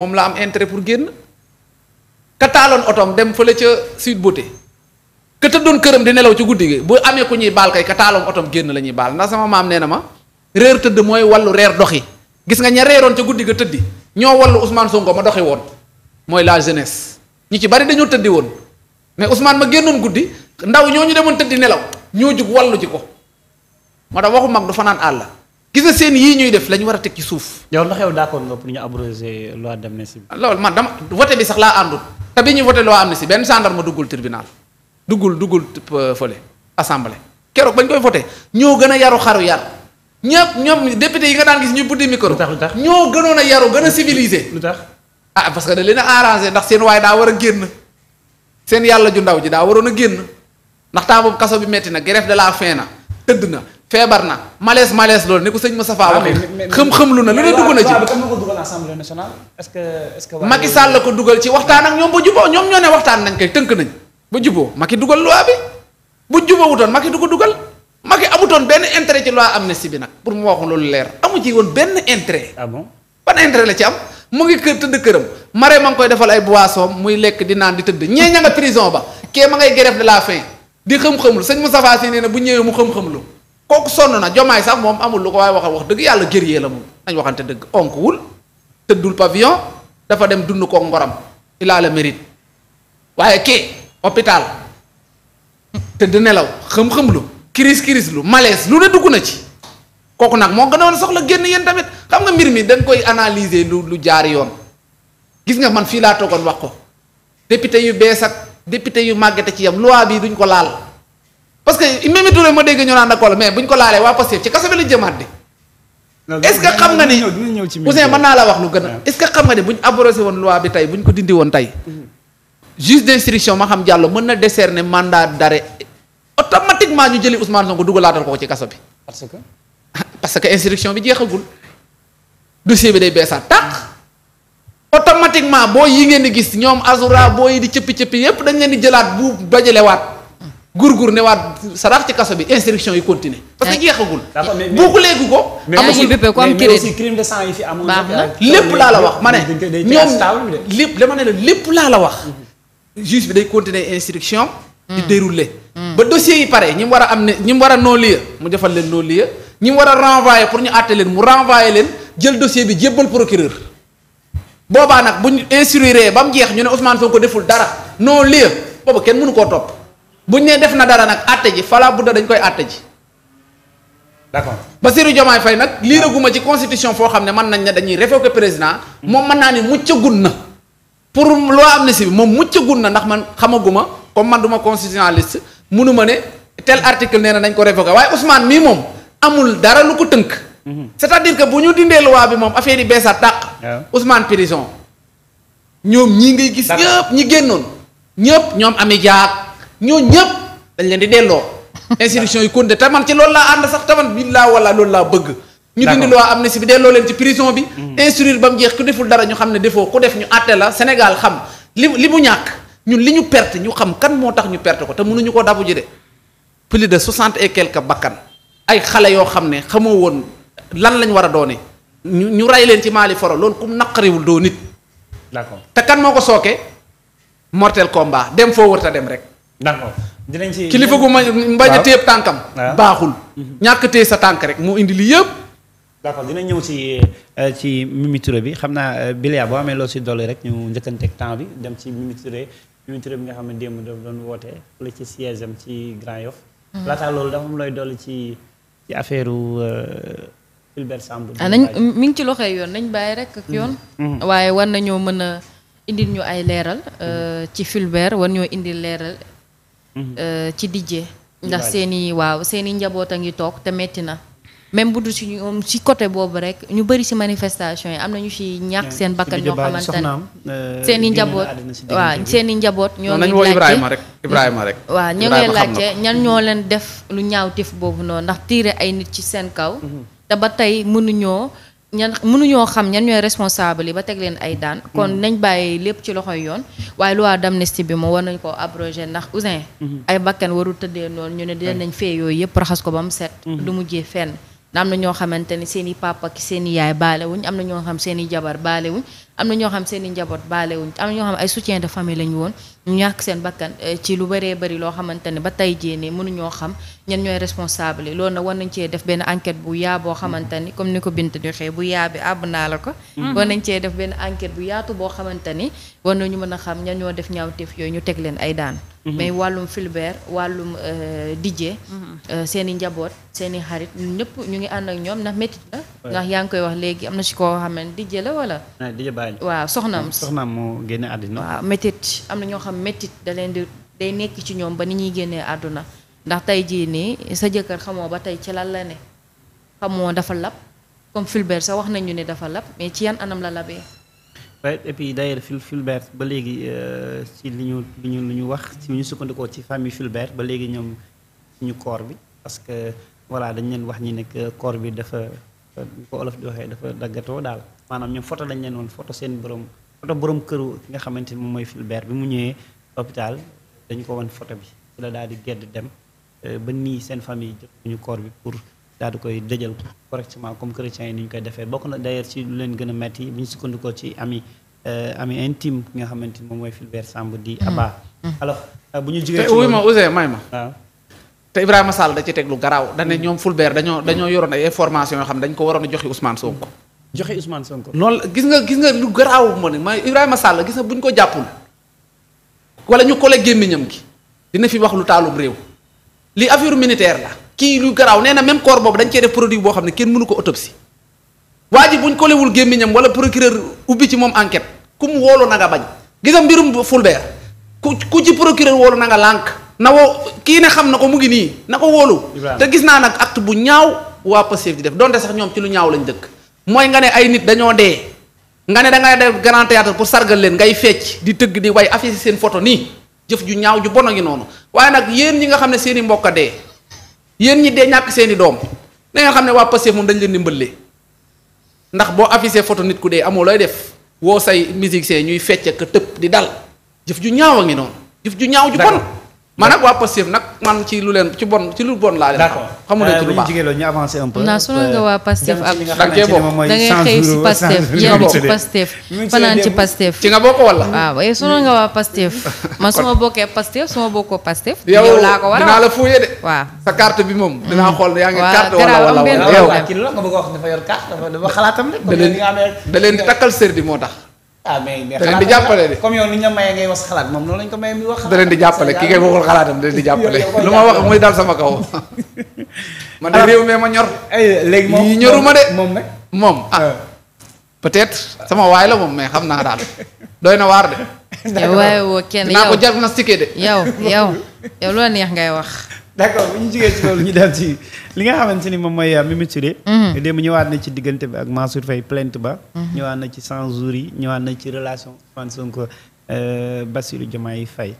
moom la am intérêt pour génn ka taaloon otoom dem fële ca Sweet Beauté ka tëddoon këram di nelaw ci guddi gi bu amee ku ñuy baal kay ka taaloon otoom génn lañuy baal ndax sama maam nee na ma réer tëdd mooy wallu reer doxi gis nga ña reeroon ca guddi ga tëddi ñoo wallu usmaan Ousmane ko ma doxi woon mooy la jeunesse ñi ci bari dañoo tëddi woon mais Ousmane ma génnoon guddi ndaw ñoo ñu demoon tëddi nelaw ñoo jug wallu ji ko moo tax waxu mag du fanaan àll. gis nga seen yii ñuy def la ñu war a teg ci suuf. yow la xew d'accord nga pour ñu abroger dem d'amnistie bi. loolu man dama voté bi sax laa àndul. te bi ñuy am ne si benn gendarme duggul tribunal duggul duggul euh, fële assemblée keroog bañ koy voté ñoo gën a yaru xaru yar ñëpp ñoom député yi nga daan gis ñu buddi micro. lu tax lu tax ñoo gënoon a yaru gën a civilisé. lu tax ah parce que da leen arrangé ndax seen waaye daa war a génn seen yàlla ju ndaw ji daa waroon a génn ndax temps kaso bi metti na grève de la faim na tëdd na. feebar na malaise malaise loolu ni ko sëñ Moustapha ah, waxee. xam-xam lu na lu ne dugg na ci. est-ce que est-ce que. Macky Sall la ko dugal ci waxtaan ak ñoom ba juboo ñoom ñoo ne waxtaan nañ koy tënk nañ ba juboo Macky dugal loi bi bu juboo wutoon Macky du ko dugal Macky amutoon benn intérêt ci loi si bi nag pour mu wax loolu leer amu ci woon benn intérêt. ah bon la ci am mu ngi kër tëdd këram mare ma ngi koy defal ay boissons muy lekk di naan di tëdd ñee ña nga prison ba kee ma ngay grève de la faim di xam-xamlu sëñ nee na bu ñëwee mu xam kooku sonn na jomaay sax moom amul lu ko waaye waxal wax dëgg yàlla guerrier la moom nañ waxante dëgg onkuwul tëddul pavillon dafa dem dund ko ngoram il a le mérite waaye kii hôpital tëdd nelaw xëm-xëm lu kiris kiris lu malees lu ne dugg na ci kooku nag moo gënoon soxla génn yéen tamit xam nga mbir mi dañ koy analyser lu lu jaar yoon gis nga man fii laa toogoon wax ko député yu bees ak député yu màggate ci yam loi bii duñ ko laal parce que Mimi Touré ma dégg ñu naan d'accord mais buñ ko laalee waa Pastef ci kaso bi lañ jëmaat de. est-ce xam nga ni Ousseyn mën naa la wax lu gën a. est-ce que xam nga ni buñ abrogé woon loi bi tey buñ ko dindi woon tey. juge d'instruction ma xam Diallo mën na décerner mandat d'arrêt automatiquement ñu jëli Ousmane Sonko dugalaatal ko ci kaso bi. parce que parce que instruction bi jeexagul dossier bi day beesaat tàq automatiquement boo yi ngeen di gis ñoom Azura boo yi di cëppi cëppi yépp dañ leen di jëlaat bu dajalewaat. gurgur ne waat sarax ci kaso bi instruction yi continuer parce que eh. jeexagul. buuku léegi ko. amagul mais aussi crime de sang yi fi amul. lépp laa la wax ma ne. ñoom lépp dama ne la lépp laa la wax. juge bi day continuer instruction. di hmm. dérouler. Hmm. ba dossier yi pare ñi mu war a am ne ñi mu war a non lieu mu defal leen non lieu ñi war a renvoyé pour ñu àtte leen mu renvoyer leen jël dossier bi jébbal procureur. boobaa nag bu ñu instruire ba mu jeex ñu ne Ousmane Sonko deful dara non lieu boobu kenn mënu koo topp. bu ñu nee def na dara nag àtte ji fala budda dañ koy àtte ji. d'accord Bassirou Diomaye fay nag liiraguma ci constitution foo xam ne mën nañ ne dañuy révoquer président moom mën naa ni muccagun na pour loi amnistie si moom muccagun na ndax man xamaguma comme man duma constitutionnaliste munu ma ne tel article nee na nañ ko révoquer waaye Ousmane mii moom amul dara lu ko tënk mhm. c'est-à-dire que bu ñu dindee loi bi moom affaire yi beesa tàq Ousmane prison ñoom ñii ngay gis ñi génnoon ñëpp ñoom ami jaag ñoo ñëpp dañ leen di delloo. instruction yi continué te man ci loolu laa ànd sax te man billaa wala loolu laa bëgg. ñu dindi am amnistie bi delloo leen ci prison bi. Mm. instruire ba mu jeex ku deful dara ñu xam ne defoo ku def ñu àtte la Sénégal xam li mu ñàkk ñun li ñu perte ñu xam kan moo tax ñu perte ko te mënuñu ko dabu ji de plus de soixante et quelques bakkan ay xale yoo xam ne xamoo woon lan lañ war a doone ñu ñu rey leen ci maali foro loolu kum naqariwul doo nit. d'accord te kan moo ko sooke mortel combat dem foo wër dem rek. d'accord dinañ ci kilifa gu ma a téye tànkam. Ah. baaxul. ñàkk sa tànk rek moo indi li yëpp. d'accord dina ñëw ci euh, ci Mimi bi xam naa euh, Bilia boo amee loo si dolli rek ñu njëkkanteeg temps bi dem ci Mimi Touré bi nga xam ne démb dafa doon woote wala ci siège am ci Grand Yoff. Mm-hmm. laataa loolu dafa am looy dolli ci ci affaire Fulbert euh, Sambou. ah nañ mi ngi ci loxoy yoon nañ bàyyi rek ak yoon. Mm-hmm. waaye war nañoo mën a indil ñu ay leeral. Mm-hmm. ci Fulbert war ñoo indil leeral. Mhm. Euh, ci dijjee ndax seen i waaw seen i njaboot a ngi toog te metti na même bu dul si ñoom um, si côté boobu rek ñu bëri si manifestation yi am na ñu si ñàkk seen bakkan ñoo xamante ne euh, seen i njaboot waa seen i njaboot ñoo ngi laajte Ibrahima rek rek waaw ñoo ngi laajte ñan ñoo mhm. leen def lu ñaaw tif boobu noonu ndax tiire ay nit ci seen kaw mhm. te ba tey mënuñoo ñan mënuñoo xam ñan ñooy responsable yi ba teg leen ay daan. kon mm-hmm. nañ bàyyi lépp ci loxo yoon waaye loi d'amnistie bi moom war nañ ko abrogé ndax Ouzin. Mm-hmm. ay bakkan warul tëddee noonu ñu ne nañ fee yooyu yëpp raxas ko ba mu set. Mm-hmm. du mujjee fenn am na ñoo xamante ne seen i papa ak seen i yaay baalewuñ am na ñoo xam seen i jabar baale wuñ am na ñoo xam seen i njaboot baalewuñ am na ñoo xam ay soutien de famille la woon ñu ñàkk seen bakkan eh, ci lu bëree bëri loo xamante ne ba tey jii nii mënuñoo xam ñan ñooy responsable loolu na war nañ cee def benn enquête bu yaa boo xamante ni comme ni ko bint di bu yaa bi àbb naa la ko mm-hmm. war nañ cee def benn enquête bu yaatu boo xamante ni war nañu mën a xam ñan ñoo def ñaawteef yooyu ñu teg leen ay daan Mm-hmm. mais wàllum Fulbert wàllum euh, Didier mm-hmm. euh, seen i njaboot seen i xarit ñëpp ñu ngi ànd ak ñoom ndax métit la ndax yaa ngi koy wax léegi am na si ko xam ne Didier la wala Didier Baye waaw soxnaam soxnaam moo génne métit am na ñoo xam métit da leen di day nekk ci ñoom ba ni ñuy génnee àdduna ndax tey jii nii sa jëkkër xamoo ba tey ci lan la ne xamoo dafa lab comme Fulbert sax wax nañu ni dafa lab mais ci yan anam la labee waaye et puis d'ailleurs Fulbert ba léegi euh, ci li ñu li ñu li ñu wax ci ñu sukkandikoo ci famille Fulbert ba léegi ñoom ñu corps bi parce que voilà dañ leen wax ñi nekk corps bi dafa ko olof di waxee dafa daggatoo daal maanaam ñoom foto lañ leen woon photo seen borom photo borom këru ki nga xamante ni moom mooy Fulbert bi mu ñëwee hôpital dañu ko wan photo bi su la daal di gedd dem euh, ba nii seen famille jotuñu corps bi pour daal di koy dëjal correctement comme chrétiens yi ni ñu koy defee bokk na d'ailleurs ci lu leen gën a metti bi ñu sukkandikoo ci ami euh, ami intime nga xamante ni moom mooy Fulbert Samb di hmm. Abba hmm. alors euh, bu ñu jigéen ci ma ma waaw da ci teg lu garaaw hmm. dañ ñoom Fulbert dañoo dañoo yoroon ay information yoo xam dañ ko waroon a joxe Ousmane Sonko joxe Ousmane Sonko lool gis nga gis nga lu garaaw moo ne ma Ibrahima Sall gis nga bu ñu ko jàppul wala ñu collègue gémmiñam gi dina fi wax lu taalub réew li affaire militaire kii lu garaaw nee na même corps boobu dañ cee def produit boo xam ne kenn mënu ko autopsie waa ji buñ kolewul gémmiñam wala procureur ubbi ci moom enquête ku mu woolu nanga nga bañ gis nga mbirum Fulbert ku ku ci procureur woolu na nga lànk na wo kii ne xam na ko mu ngi nii na ko woolu te gis naa nag acte bu ñaaw waa Pastef di def donte sax ñoom ci lu ñaaw lañ dëkk mooy nga ne ay nit dañoo dee nga ne da ngay def grand théâtre pour sargal leen ngay fecc di tëgg di way affiché seen photo nii jëf ju ñaaw ju bon a ngi noonu waaye nag yéen ñi nga xam seen i mbokk a yéen ñi dee ñàkk seeni doom na ngeen xam ne waa Pastef moom dañ leen di mbëlle ndax boo affiché photo nit ku dee amoo looy def woo say musicien ñuy fecc ak tëpp di dal jëf ju ñaaw a ngi noonu jëf ju ñaaw ju bon man nag waa Pastef nag man ci lu leen ci bon ci lu bon laa leen. d'accord xamu leen ci lu euh, baax ñu avancer un peu. naa sonal nga waa Pastef ak. da nga cee si Pastef yenn ci Pastef. fanaan ci Pastef. ci nga bokk wala. waaw ah, waaye sonal nga waa Pastef. man su ma bokkee Pastef su ma bokkoo Pastef. yow laa ko war a dinaa la fouillé sa carte bi moom. dinaa xool yaa ngi carte wala wala wala yow. waaw am benn da leen di takkal sër di moo tax ah mais leen di jàppale de comme yow ni ñu la mayee ngay wax xalaat moom noonu lañ ko mayee muy wax. da leen di jàppale ki ngay waxul xalaatam da leen di jàppale. lu ma wax muy dal sama kaw. man de réew mi ma ñor. Eh, moom ñoruma de moom nag. Ah. ah peut-être sama waay la moom may xam naa daal dooy na waar de. waaye woo kenn yow naa ko diagnostiqué de. loo neex ngay wax. d' bu ñu jógee ci loolu ñu dem ci li nga xamante ni moom mooy euh, Mimi Touré. Mhm. démb ñëwaat na ci diggante bi ak Mansour Faye plainte ba. Mhm. ñëwaat na ci 100 jours yi ñëwaat na ci relation Ousmane Sonko euh, Bassirou Diomaye fay